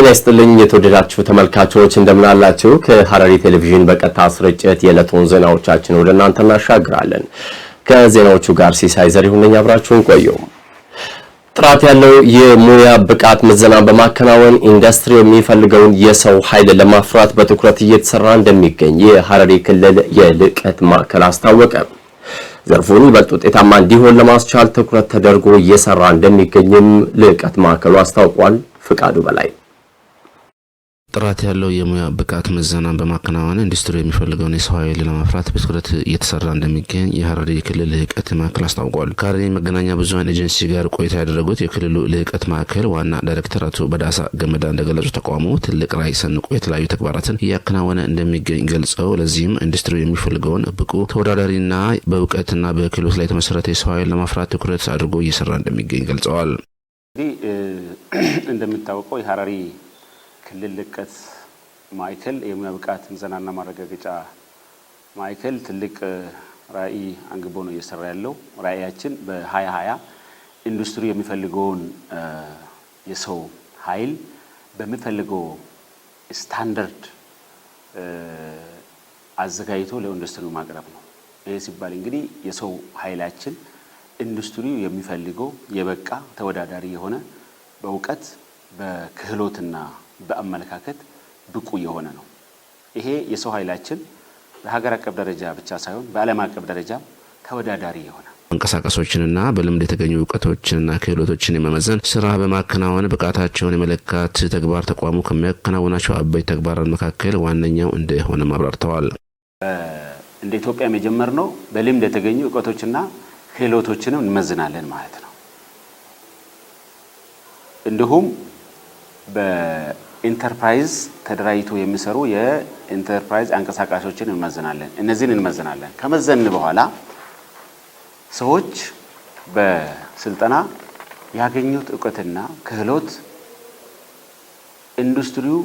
ጤና ይስጥልኝ የተወደዳችሁ ተመልካቾች፣ እንደምናላችሁ። ከሐረሪ ቴሌቪዥን በቀጥታ ስርጭት የዕለቱን ዜናዎቻችን ወደ እናንተ እናሻግራለን። ከዜናዎቹ ጋር ሲሳይ ዘሪሁን ነኝ። አብራችሁን ቆዩ። ጥራት ያለው የሙያ ብቃት ምዘና በማከናወን ኢንዱስትሪ የሚፈልገውን የሰው ኃይል ለማፍራት በትኩረት እየተሰራ እንደሚገኝ የሐረሪ ክልል የልቀት ማዕከል አስታወቀ። ዘርፉን ይበልጥ ውጤታማ እንዲሆን ለማስቻል ትኩረት ተደርጎ እየሰራ እንደሚገኝም ልቀት ማዕከሉ አስታውቋል። ፍቃዱ በላይ ጥራት ያለው የሙያ ብቃት ምዘናን በማከናወን ኢንዱስትሪ የሚፈልገውን የሰው ኃይል ለማፍራት በትኩረት እየተሰራ እንደሚገኝ የሐረሪ ክልል ልህቀት ማዕከል አስታውቋል። ከሐረሪ መገናኛ ብዙሀን ኤጀንሲ ጋር ቆይታ ያደረጉት የክልሉ ልህቀት ማዕከል ዋና ዳይሬክተር አቶ በዳሳ ገመዳ እንደገለጹ ተቋሙ ትልቅ ራዕይ ሰንቆ የተለያዩ ተግባራትን እያከናወነ እንደሚገኝ ገልጸው ለዚህም ኢንዱስትሪ የሚፈልገውን ብቁ ተወዳዳሪና በእውቀትና በክህሎት ላይ የተመሰረተ የሰው ኃይል ለማፍራት ትኩረት አድርጎ እየሰራ እንደሚገኝ ገልጸዋል። እንግዲህ እንደሚታወቀው የሐረሪ ክልል ልቀት ማዕከል የሙያ ብቃት ምዘናና ማረጋገጫ ማዕከል ትልቅ ራዕይ አንግቦ ነው እየሰራ ያለው። ራዕያችን በ2020 ኢንዱስትሪ የሚፈልገውን የሰው ኃይል በሚፈልገው ስታንዳርድ አዘጋጅቶ ለኢንዱስትሪ ማቅረብ ነው። ይህ ሲባል እንግዲህ የሰው ኃይላችን ኢንዱስትሪው የሚፈልገው የበቃ ተወዳዳሪ የሆነ በእውቀት በክህሎትና በአመለካከት ብቁ የሆነ ነው። ይሄ የሰው ኃይላችን በሀገር አቀፍ ደረጃ ብቻ ሳይሆን በዓለም አቀፍ ደረጃ ተወዳዳሪ የሆነ መንቀሳቀሶችንና በልምድ የተገኙ እውቀቶችንና ክህሎቶችን የመመዘን ስራ በማከናወን ብቃታቸውን የመለካት ተግባር ተቋሙ ከሚያከናውናቸው አበይ ተግባራት መካከል ዋነኛው እንደሆነ አብራርተዋል። እንደ የጀመር ነው በልምድ የተገኙ እውቀቶችና ክህሎቶችንም እንመዝናለን ማለት ነው። እንዲሁም ኢንተርፕራይዝ ተደራጅቶ የሚሰሩ የኢንተርፕራይዝ አንቀሳቃሾችን እንመዝናለን። እነዚህን እንመዝናለን። ከመዘን በኋላ ሰዎች በስልጠና ያገኙት እውቀትና ክህሎት ኢንዱስትሪው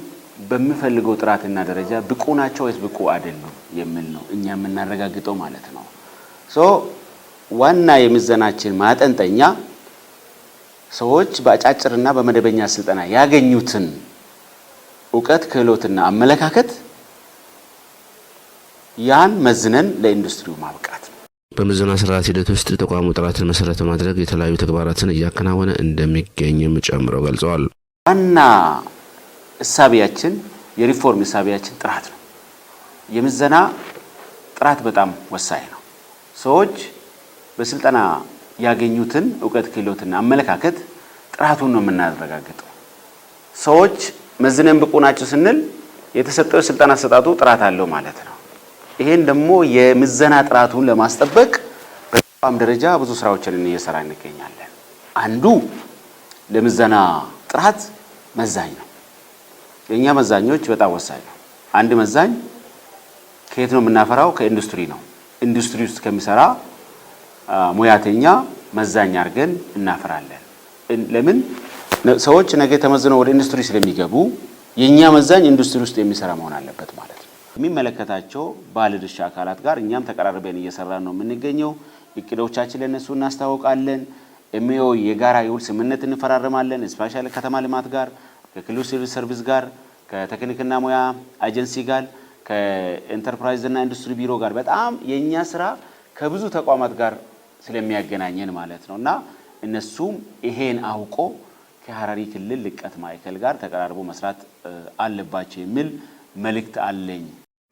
በሚፈልገው ጥራትና ደረጃ ብቁ ናቸው ወይስ ብቁ አይደሉም የሚል ነው እኛ የምናረጋግጠው ማለት ነው። ሶ ዋና የምዘናችን ማጠንጠኛ ሰዎች በአጫጭርና በመደበኛ ስልጠና ያገኙትን እውቀት፣ ክህሎትና አመለካከት ያን መዝነን ለኢንዱስትሪው ማብቃት ነው። በምዘና ስርዓት ሂደት ውስጥ ተቋሙ ጥራትን መሰረት በማድረግ የተለያዩ ተግባራትን እያከናወነ እንደሚገኝም ጨምረው ገልጸዋል። ዋና እሳቢያችን የሪፎርም እሳቢያችን ጥራት ነው። የምዘና ጥራት በጣም ወሳኝ ነው። ሰዎች በስልጠና ያገኙትን እውቀት ክህሎትና አመለካከት ጥራቱን ነው የምናረጋግጠው። ሰዎች መዝነን ብቁ ናቸው ስንል የተሰጠው ስልጣን አሰጣጡ ጥራት አለው ማለት ነው። ይሄን ደግሞ የምዘና ጥራቱን ለማስጠበቅ በተቋም ደረጃ ብዙ ስራዎችን እየሰራ እንገኛለን። አንዱ ለምዘና ጥራት መዛኝ ነው። የእኛ መዛኞች በጣም ወሳኝ ነው። አንድ መዛኝ ከየት ነው የምናፈራው? ከኢንዱስትሪ ነው። ኢንዱስትሪ ውስጥ ከሚሰራ ሙያተኛ መዛኝ አድርገን እናፈራለን። ለምን ሰዎች ነገ ተመዝነው ወደ ኢንዱስትሪ ስለሚገቡ የእኛ መዛኝ ኢንዱስትሪ ውስጥ የሚሰራ መሆን አለበት ማለት ነው። የሚመለከታቸው ባለድርሻ አካላት ጋር እኛም ተቀራርበን እየሰራ ነው የምንገኘው። እቅዶቻችን ለእነሱ እናስታውቃለን። ኤምኦ የጋራ የውል ስምምነት እንፈራረማለን። ስፔሻል ከተማ ልማት ጋር፣ ከክልሉ ሲቪል ሰርቪስ ጋር፣ ከቴክኒክና ሙያ ኤጀንሲ ጋር፣ ከኢንተርፕራይዝና ኢንዱስትሪ ቢሮ ጋር በጣም የእኛ ስራ ከብዙ ተቋማት ጋር ስለሚያገናኘን ማለት ነው እና እነሱም ይሄን አውቆ ከሀረሪ ክልል ልቀት ማዕከል ጋር ተቀራርቦ መስራት አለባቸው የሚል መልእክት አለኝ።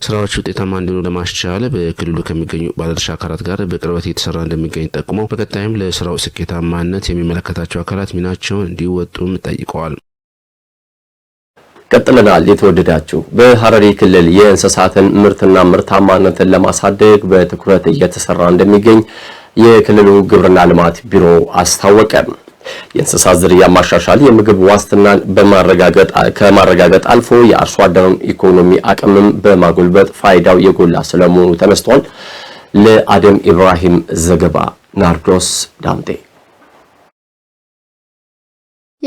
ስራዎች ውጤታማ እንዲሆኑ ለማስቻል በክልሉ ከሚገኙ ባለድርሻ አካላት ጋር በቅርበት እየተሰራ እንደሚገኝ ጠቁመው በቀጣይም ለስራው ስኬታማነት የሚመለከታቸው አካላት ሚናቸውን እንዲወጡም ጠይቀዋል። ቀጥለናል። የተወደዳችሁ በሀረሪ ክልል የእንስሳትን ምርትና ምርታማነትን ለማሳደግ በትኩረት እየተሰራ እንደሚገኝ የክልሉ ግብርና ልማት ቢሮ አስታወቀም። የእንስሳት ዝርያ ማሻሻል የምግብ ዋስትናን በማረጋገጥ ከማረጋገጥ አልፎ የአርሶ አደሩን ኢኮኖሚ አቅምም በማጎልበት ፋይዳው የጎላ ስለመሆኑ ተነስቷል። ለአደም ኢብራሂም ዘገባ ናርዶስ ዳምጤ።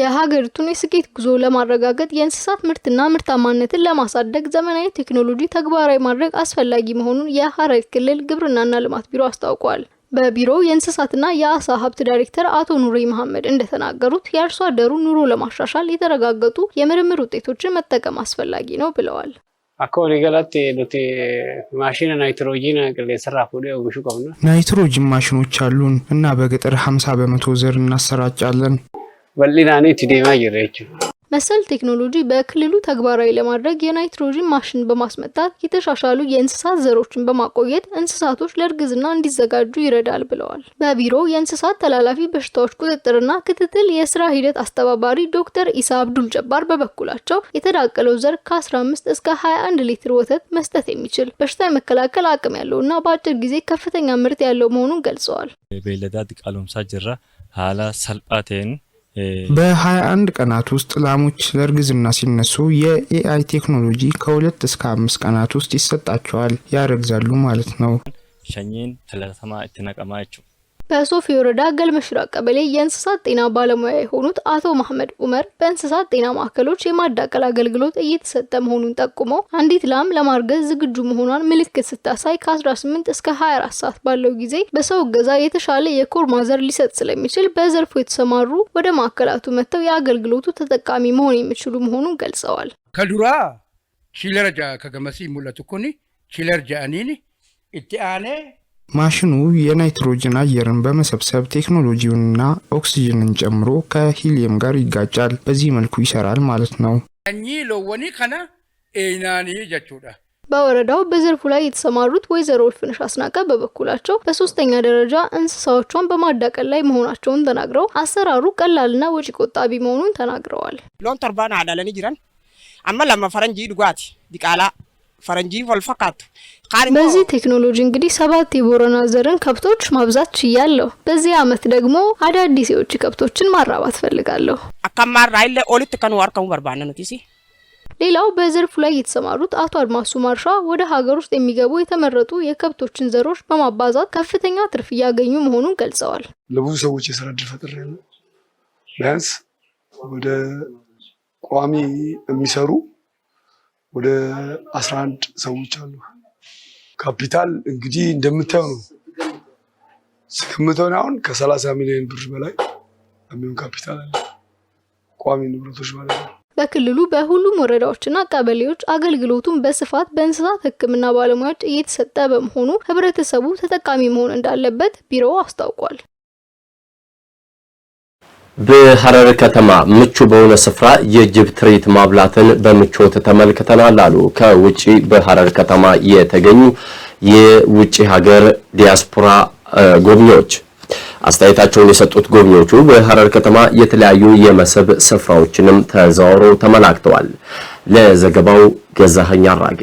የሀገሪቱን የስኬት ጉዞ ለማረጋገጥ የእንስሳት ምርትና ምርታማነትን ለማሳደግ ዘመናዊ ቴክኖሎጂ ተግባራዊ ማድረግ አስፈላጊ መሆኑን የሐረሪ ክልል ግብርናና ልማት ቢሮ አስታውቋል። በቢሮው የእንስሳትና የአሳ ሀብት ዳይሬክተር አቶ ኑሪ መሐመድ እንደተናገሩት የአርሶ አደሩ ኑሮ ለማሻሻል የተረጋገጡ የምርምር ውጤቶችን መጠቀም አስፈላጊ ነው ብለዋል። ናይትሮጂን ማሽኖች አሉን እና በገጠር 50 በመቶ ዘር እናሰራጫለን በሊናኔ መሰል ቴክኖሎጂ በክልሉ ተግባራዊ ለማድረግ የናይትሮጂን ማሽን በማስመጣት የተሻሻሉ የእንስሳት ዘሮችን በማቆየት እንስሳቶች ለእርግዝና እንዲዘጋጁ ይረዳል ብለዋል። በቢሮ የእንስሳት ተላላፊ በሽታዎች ቁጥጥርና ክትትል የስራ ሂደት አስተባባሪ ዶክተር ኢሳ አብዱል ጀባር በበኩላቸው የተዳቀለው ዘር ከ15 እስከ 21 ሊትር ወተት መስጠት የሚችል በሽታ የመከላከል አቅም ያለው እና በአጭር ጊዜ ከፍተኛ ምርት ያለው መሆኑን ገልጸዋል። በ21 ቀናት ውስጥ ላሞች ለእርግዝና ሲነሱ የኤአይ ቴክኖሎጂ ከ2 እስከ 5 ቀናት ውስጥ ይሰጣቸዋል። ያረግዛሉ ማለት ነው። ሸኝን ትለተማ ትነቀማችው በሶፊ ወረዳ ገልመሽራ ቀበሌ የእንስሳት ጤና ባለሙያ የሆኑት አቶ መሐመድ ኡመር በእንስሳት ጤና ማዕከሎች የማዳቀል አገልግሎት እየተሰጠ መሆኑን ጠቁመው አንዲት ላም ለማርገዝ ዝግጁ መሆኗን ምልክት ስታሳይ ከ18 እስከ 24 ሰዓት ባለው ጊዜ በሰው እገዛ የተሻለ የኮርማ ዘር ሊሰጥ ስለሚችል በዘርፉ የተሰማሩ ወደ ማዕከላቱ መጥተው የአገልግሎቱ ተጠቃሚ መሆን የሚችሉ መሆኑን ገልጸዋል። ከዱራ ሺለረጃ ከገመሲ ሙለት ኩኒ አኒኒ እቲ ኢትአኔ ማሽኑ የናይትሮጅን አየርን በመሰብሰብ ቴክኖሎጂውንና ኦክሲጅንን ጨምሮ ከሂሊየም ጋር ይጋጫል። በዚህ መልኩ ይሰራል ማለት ነው። ሎወኒ ከና ኤናኒ በወረዳው በዘርፉ ላይ የተሰማሩት ወይዘሮ እልፍነሽ አስናቀ በበኩላቸው በሶስተኛ ደረጃ እንስሳዎቿን በማዳቀል ላይ መሆናቸውን ተናግረው አሰራሩ ቀላልና ወጪ ቆጣቢ መሆኑን ተናግረዋል። ሎንተርባን አዳለኒ ጅረን ፈረንጂ ድጓት ዲቃላ ፈረንጂ ወልፈካቱ በዚህ ቴክኖሎጂ እንግዲህ ሰባት የቦረና ዘርን ከብቶች ማብዛት ችያለሁ። በዚህ አመት ደግሞ አዳዲስ የውጭ ከብቶችን ማራባት ፈልጋለሁ። አካማራይ ኦልት ከኑ አርከሙ በርባነ ነው ሌላው በዘርፉ ላይ የተሰማሩት አቶ አድማሱ ማርሻ ወደ ሀገር ውስጥ የሚገቡ የተመረጡ የከብቶችን ዘሮች በማባዛት ከፍተኛ ትርፍ እያገኙ መሆኑን ገልጸዋል። ለብዙ ሰዎች የስራ እድል ፈጥሬ ቢያንስ ወደ ቋሚ የሚሰሩ ወደ አስራ አንድ ሰዎች አሉ። ካፒታል እንግዲህ እንደምታየው ነው ስክምተውን አሁን ከሰላሳ ሚሊዮን ብር በላይ የሚሆን ካፒታል አለ ቋሚ ንብረቶች ማለት ነው። በክልሉ በሁሉም ወረዳዎችና ቀበሌዎች አገልግሎቱን በስፋት በእንስሳት ሕክምና ባለሙያዎች እየተሰጠ በመሆኑ ህብረተሰቡ ተጠቃሚ መሆን እንዳለበት ቢሮው አስታውቋል። በሐረር ከተማ ምቹ በሆነ ስፍራ የጅብ ትርኢት ማብላትን በምቾት ተመልክተናል አሉ ከውጪ በሐረር ከተማ የተገኙ የውጪ ሀገር ዲያስፖራ ጎብኚዎች። አስተያየታቸውን የሰጡት ጎብኚዎቹ በሐረር ከተማ የተለያዩ የመስህብ ስፍራዎችንም ተዘዋውረው ተመላክተዋል። ለዘገባው ገዛኸኝ አራጌ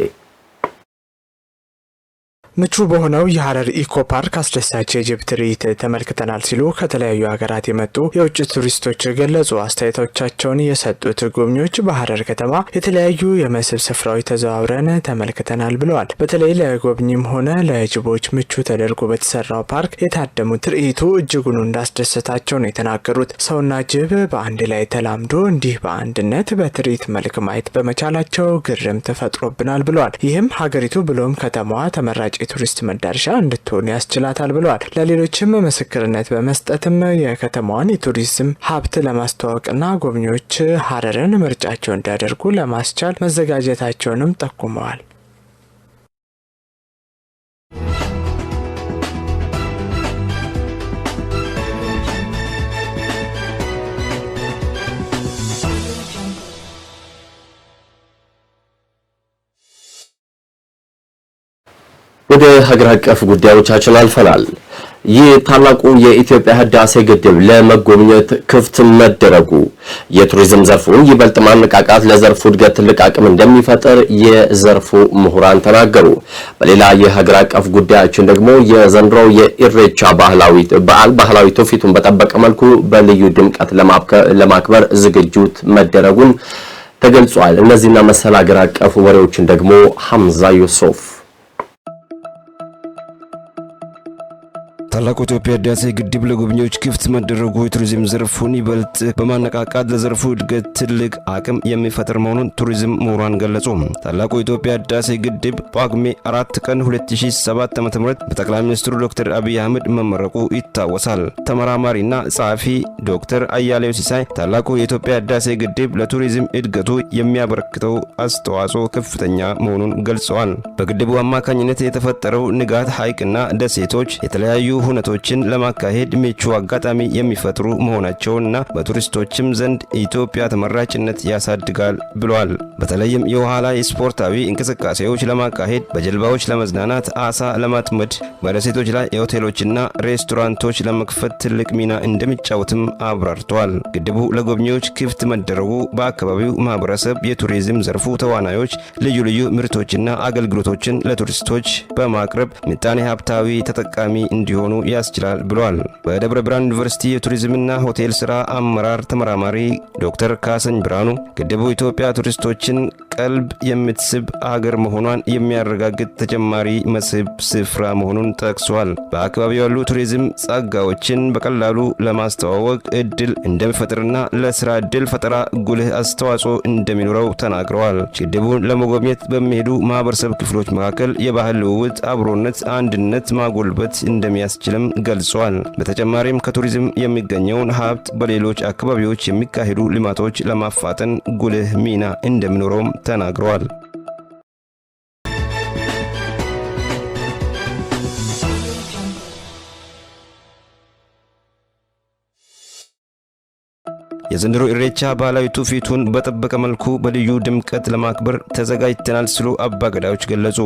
ምቹ በሆነው የሀረር ኢኮ ፓርክ አስደሳች የጅብ ትርኢት ተመልክተናል ሲሉ ከተለያዩ ሀገራት የመጡ የውጭ ቱሪስቶች ገለጹ። አስተያየቶቻቸውን የሰጡት ጎብኚዎች በሀረር ከተማ የተለያዩ የመስህብ ስፍራዎች ተዘዋውረን ተመልክተናል ብለዋል። በተለይ ለጎብኚም ሆነ ለጅቦች ምቹ ተደርጎ በተሰራው ፓርክ የታደሙ ትርኢቱ እጅጉኑ እንዳስደሰታቸው ነው የተናገሩት። ሰውና ጅብ በአንድ ላይ ተላምዶ እንዲህ በአንድነት በትርኢት መልክ ማየት በመቻላቸው ግርም ተፈጥሮብናል ብለዋል። ይህም ሀገሪቱ ብሎም ከተማዋ ተመራጭ የቱሪስት መዳረሻ እንድትሆን ያስችላታል ብለዋል። ለሌሎችም ምስክርነት በመስጠትም የከተማዋን የቱሪዝም ሀብት ለማስተዋወቅና ጎብኚዎች ሀረርን ምርጫቸው እንዲያደርጉ ለማስቻል መዘጋጀታቸውንም ጠቁመዋል። ወደ ሀገር አቀፍ ጉዳዮቻችን አልፈናል። ይህ ታላቁ የኢትዮጵያ ህዳሴ ግድብ ለመጎብኘት ክፍት መደረጉ የቱሪዝም ዘርፉን ይበልጥ ማነቃቃት ለዘርፉ እድገት ትልቅ አቅም እንደሚፈጥር የዘርፉ ምሁራን ተናገሩ። በሌላ የሀገር አቀፍ ጉዳያችን ደግሞ የዘንድሮው የኢሬቻ ባህላዊ በዓል ባህላዊ ትውፊቱን በጠበቀ መልኩ በልዩ ድምቀት ለማክበር ዝግጅት መደረጉን ተገልጿል። እነዚህና መሰል ሀገር አቀፍ ወሬዎችን ደግሞ ሐምዛ ዩሱፍ ታላቁ የኢትዮጵያ ህዳሴ ግድብ ለጎብኚዎች ክፍት መደረጉ የቱሪዝም ዘርፉን ይበልጥ በማነቃቃት ለዘርፉ እድገት ትልቅ አቅም የሚፈጥር መሆኑን ቱሪዝም ምሁራን ገለጹ። ታላቁ የኢትዮጵያ ህዳሴ ግድብ ጳጉሜ 4 ቀን 2007 ዓ.ም በጠቅላይ ሚኒስትሩ ዶክተር አብይ አህመድ መመረቁ ይታወሳል። ተመራማሪና ጸሐፊ ዶክተር አያሌው ሲሳይ ታላቁ የኢትዮጵያ ህዳሴ ግድብ ለቱሪዝም እድገቱ የሚያበረክተው አስተዋጽኦ ከፍተኛ መሆኑን ገልጸዋል። በግድቡ አማካኝነት የተፈጠረው ንጋት ሐይቅና ደሴቶች የተለያዩ ሁነቶችን ለማካሄድ ምቹ አጋጣሚ የሚፈጥሩ መሆናቸውና በቱሪስቶችም ዘንድ ኢትዮጵያ ተመራጭነት ያሳድጋል ብሏል። በተለይም የውሃ ላይ ስፖርታዊ እንቅስቃሴዎች ለማካሄድ፣ በጀልባዎች ለመዝናናት፣ አሳ ለማጥመድ፣ በደሴቶች ላይ የሆቴሎችና ሬስቶራንቶች ለመክፈት ትልቅ ሚና እንደሚጫወትም አብራርተዋል። ግድቡ ለጎብኚዎች ክፍት መደረጉ በአካባቢው ማህበረሰብ የቱሪዝም ዘርፉ ተዋናዮች ልዩ ልዩ ምርቶችና አገልግሎቶችን ለቱሪስቶች በማቅረብ ምጣኔ ሀብታዊ ተጠቃሚ እንዲሆኑ መሆኑ ያስችላል ብሏል። በደብረ ብርሃን ዩኒቨርሲቲ የቱሪዝምና ሆቴል ሥራ አመራር ተመራማሪ ዶክተር ካሰኝ ብርሃኑ ግድቡ ኢትዮጵያ ቱሪስቶችን ቀልብ የምትስብ አገር መሆኗን የሚያረጋግጥ ተጨማሪ መስህብ ስፍራ መሆኑን ጠቅሷል። በአካባቢው ያሉ ቱሪዝም ጸጋዎችን በቀላሉ ለማስተዋወቅ እድል እንደሚፈጥርና ለስራ እድል ፈጠራ ጉልህ አስተዋጽኦ እንደሚኖረው ተናግረዋል። ግድቡን ለመጎብኘት በሚሄዱ ማህበረሰብ ክፍሎች መካከል የባህል ልውውጥ፣ አብሮነት፣ አንድነት ማጎልበት እንደሚያስችልም ገልጿል። በተጨማሪም ከቱሪዝም የሚገኘውን ሀብት በሌሎች አካባቢዎች የሚካሄዱ ልማቶች ለማፋጠን ጉልህ ሚና እንደሚኖረውም ተናግረዋል። የዘንድሮ ኢሬቻ ባህላዊ ትውፊቱን በጠበቀ መልኩ በልዩ ድምቀት ለማክበር ተዘጋጅተናል ሲሉ አባገዳዮች ገለጹ።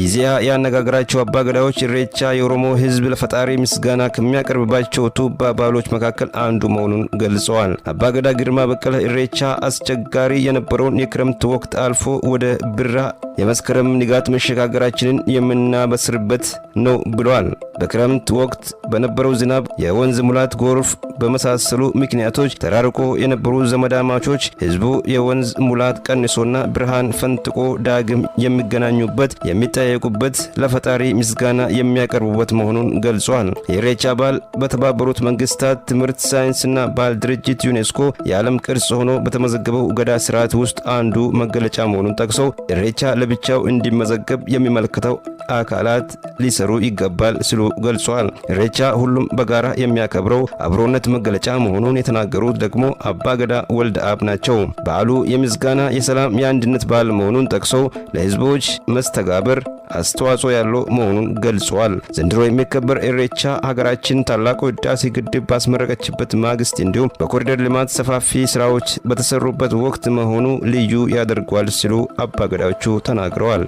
ይዚያ ያነጋገራቸው አባገዳዮች ኢሬቻ የኦሮሞ ሕዝብ ለፈጣሪ ምስጋና ከሚያቀርብባቸው ቱባ ባህሎች መካከል አንዱ መሆኑን ገልጸዋል። አባገዳ ግርማ በቀለ ኢሬቻ አስቸጋሪ የነበረውን የክረምት ወቅት አልፎ ወደ ብራ የመስከረም ንጋት መሸጋገራችንን የምናበስርበት ነው ብለዋል። በክረምት ወቅት በነበረው ዝናብ፣ የወንዝ ሙላት፣ ጎርፍ በመሳሰሉ ምክንያቶች ተራርቆ የነበሩ ዘመዳማቾች ህዝቡ የወንዝ ሙላት ቀንሶና ብርሃን ፈንጥቆ ዳግም የሚገናኙበት የሚጠየቁበት፣ ለፈጣሪ ምስጋና የሚያቀርቡበት መሆኑን ገልጿል። የኢሬቻ በዓል በተባበሩት መንግስታት ትምህርት ሳይንስና ባህል ድርጅት ዩኔስኮ የዓለም ቅርስ ሆኖ በተመዘገበው ገዳ ስርዓት ውስጥ አንዱ መገለጫ መሆኑን ጠቅሰው ኢሬቻ ለብቻው እንዲመዘገብ የሚመለከተው አካላት ሊሰሩ ይገባል ሲሉ ገልጿል። ኢሬቻ ሁሉም በጋራ የሚያከብረው አብሮነት መገለጫ መሆኑን የተናገሩት ደግሞ አባገዳ ወልድ አብ ናቸው። በዓሉ የምስጋና የሰላም፣ የአንድነት በዓል መሆኑን ጠቅሰው ለህዝቦች መስተጋብር አስተዋጽኦ ያለው መሆኑን ገልጿል። ዘንድሮ የሚከበር ኢሬቻ ሀገራችን ታላቁ ህዳሴ ግድብ ባስመረቀችበት ማግስት እንዲሁም በኮሪደር ልማት ሰፋፊ ስራዎች በተሰሩበት ወቅት መሆኑ ልዩ ያደርጓል ሲሉ አባገዳዎቹ ተናግረዋል።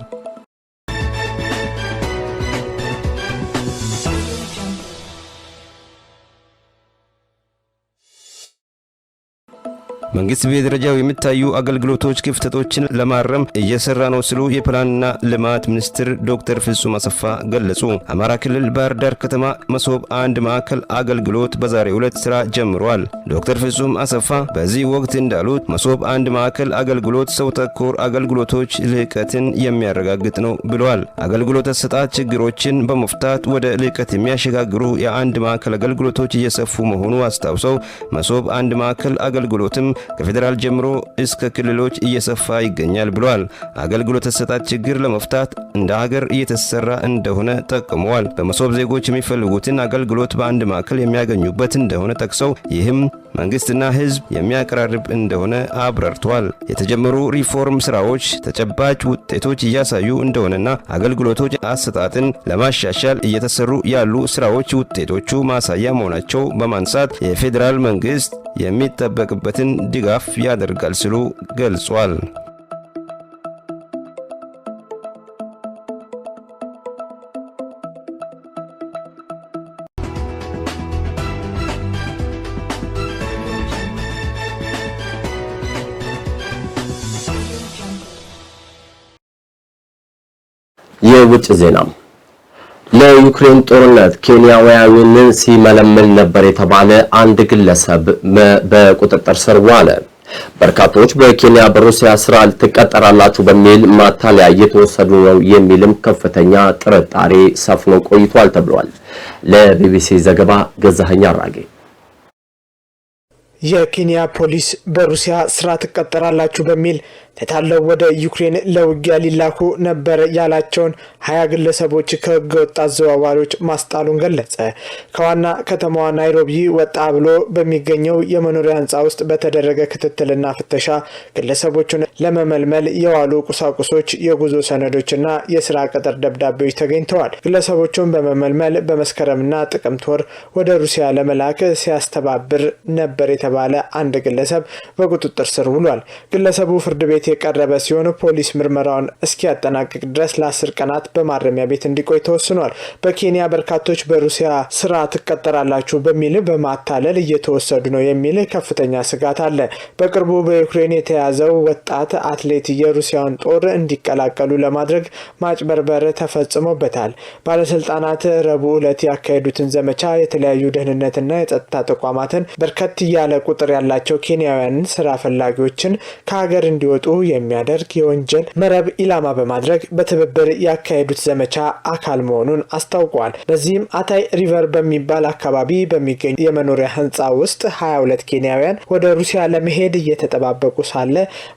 መንግስት በየደረጃው የሚታዩ አገልግሎቶች ክፍተቶችን ለማረም እየሰራ ነው ሲሉ የፕላንና ልማት ሚኒስትር ዶክተር ፍጹም አሰፋ ገለጹ። አማራ ክልል ባህር ዳር ከተማ መሶብ አንድ ማዕከል አገልግሎት በዛሬው ዕለት ስራ ጀምሯል። ዶክተር ፍጹም አሰፋ በዚህ ወቅት እንዳሉት መሶብ አንድ ማዕከል አገልግሎት ሰው ተኮር አገልግሎቶች ልህቀትን የሚያረጋግጥ ነው ብለዋል። አገልግሎት አሰጣጥ ችግሮችን በመፍታት ወደ ልህቀት የሚያሸጋግሩ የአንድ ማዕከል አገልግሎቶች እየሰፉ መሆኑ አስታውሰው መሶብ አንድ ማዕከል አገልግሎትም ከፌዴራል ጀምሮ እስከ ክልሎች እየሰፋ ይገኛል ብሏል። አገልግሎት አሰጣጥ ችግር ለመፍታት እንደ ሀገር እየተሰራ እንደሆነ ጠቅመዋል። በመሶብ ዜጎች የሚፈልጉትን አገልግሎት በአንድ ማዕከል የሚያገኙበት እንደሆነ ጠቅሰው ይህም መንግስትና ህዝብ የሚያቀራርብ እንደሆነ አብራርተዋል። የተጀመሩ ሪፎርም ስራዎች ተጨባጭ ውጤቶች እያሳዩ እንደሆነና አገልግሎቶች አሰጣጥን ለማሻሻል እየተሰሩ ያሉ ስራዎች ውጤቶቹ ማሳያ መሆናቸው በማንሳት የፌዴራል መንግስት የሚጠበቅበትን ድጋፍ ያደርጋል ሲሉ ገልጿል። የውጭ ዜና ለዩክሬን ጦርነት ኬንያውያንን ሲመለምል ነበር የተባለ አንድ ግለሰብ በቁጥጥር ስር ዋለ። በርካቶች በኬንያ በሩሲያ ስራ ትቀጠራላችሁ በሚል ማታለያ እየተወሰዱ ነው የሚልም ከፍተኛ ጥርጣሬ ሰፍኖ ቆይቷል ተብሏል። ለቢቢሲ ዘገባ ገዛኸኝ አራጌ። የኬንያ ፖሊስ በሩሲያ ስራ ትቀጠራላችሁ በሚል ተታለው ወደ ዩክሬን ለውጊያ ሊላኩ ነበር ያላቸውን ሀያ ግለሰቦች ከህገ ወጥ አዘዋዋሪዎች ማስጣሉን ገለጸ። ከዋና ከተማዋ ናይሮቢ ወጣ ብሎ በሚገኘው የመኖሪያ ህንፃ ውስጥ በተደረገ ክትትልና ፍተሻ ግለሰቦቹን ለመመልመል የዋሉ ቁሳቁሶች፣ የጉዞ ሰነዶችና የስራ ቅጥር ደብዳቤዎች ተገኝተዋል። ግለሰቦቹን በመመልመል በመስከረምና ጥቅምት ወር ወደ ሩሲያ ለመላክ ሲያስተባብር ነበር የተባለ አንድ ግለሰብ በቁጥጥር ስር ውሏል። ግለሰቡ ፍርድ ቤት ቤት የቀረበ ሲሆን ፖሊስ ምርመራውን እስኪያጠናቅቅ ድረስ ለአስር ቀናት በማረሚያ ቤት እንዲቆይ ተወስኗል። በኬንያ በርካቶች በሩሲያ ስራ ትቀጠራላችሁ በሚል በማታለል እየተወሰዱ ነው የሚል ከፍተኛ ስጋት አለ። በቅርቡ በዩክሬን የተያዘው ወጣት አትሌት የሩሲያውን ጦር እንዲቀላቀሉ ለማድረግ ማጭበርበር ተፈጽሞበታል። ባለስልጣናት ረቡዕ ዕለት ያካሄዱትን ዘመቻ የተለያዩ ደህንነትና የጸጥታ ተቋማትን በርከት ያለ ቁጥር ያላቸው ኬንያውያንን ስራ ፈላጊዎችን ከሀገር እንዲወጡ የሚያደርግ የወንጀል መረብ ኢላማ በማድረግ በትብብር ያካሄዱት ዘመቻ አካል መሆኑን አስታውቋል። በዚህም አታይ ሪቨር በሚባል አካባቢ በሚገኝ የመኖሪያ ህንፃ ውስጥ 22 ኬንያውያን ወደ ሩሲያ ለመሄድ እየተጠባበቁ ሳለ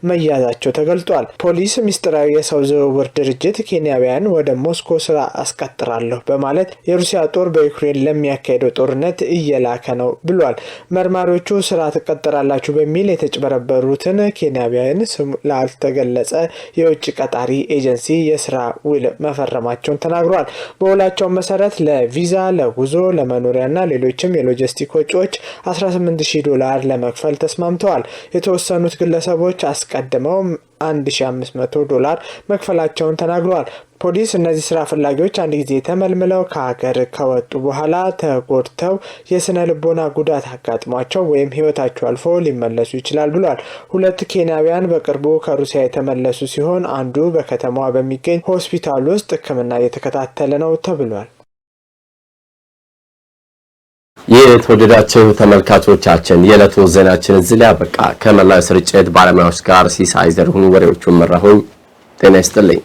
መያዛቸው ተገልጧል። ፖሊስ ምስጢራዊ የሰው ዝውውር ድርጅት ኬንያውያን ወደ ሞስኮ ስራ አስቀጥራለሁ በማለት የሩሲያ ጦር በዩክሬን ለሚያካሄደው ጦርነት እየላከ ነው ብሏል። መርማሪዎቹ ስራ ትቀጥራላችሁ በሚል የተጭበረበሩትን ኬንያውያን ላልተገለጸ የውጭ ቀጣሪ ኤጀንሲ የስራ ውል መፈረማቸውን ተናግሯል። በውላቸው መሰረት ለቪዛ፣ ለጉዞ፣ ለመኖሪያና ሌሎችም የሎጂስቲክ ወጪዎች 18000 ዶላር ለመክፈል ተስማምተዋል። የተወሰኑት ግለሰቦች አስቀድመው 1500 ዶላር መክፈላቸውን ተናግረዋል። ፖሊስ እነዚህ ስራ ፈላጊዎች አንድ ጊዜ ተመልምለው ከሀገር ከወጡ በኋላ ተጎድተው የስነ ልቦና ጉዳት አጋጥሟቸው ወይም ሕይወታቸው አልፎ ሊመለሱ ይችላል ብሏል። ሁለት ኬንያውያን በቅርቡ ከሩሲያ የተመለሱ ሲሆን አንዱ በከተማዋ በሚገኝ ሆስፒታል ውስጥ ሕክምና እየተከታተለ ነው ተብሏል። የተወደዳቸው ተመልካቾቻችን የዕለቱ ዜናችን እዚህ ላይ አበቃ። ከመላው ስርጭት ባለሙያዎች ጋር ሲሳይ ዘርሁን ወሬዎቹን መራሁኝ። ጤና ይስጥልኝ።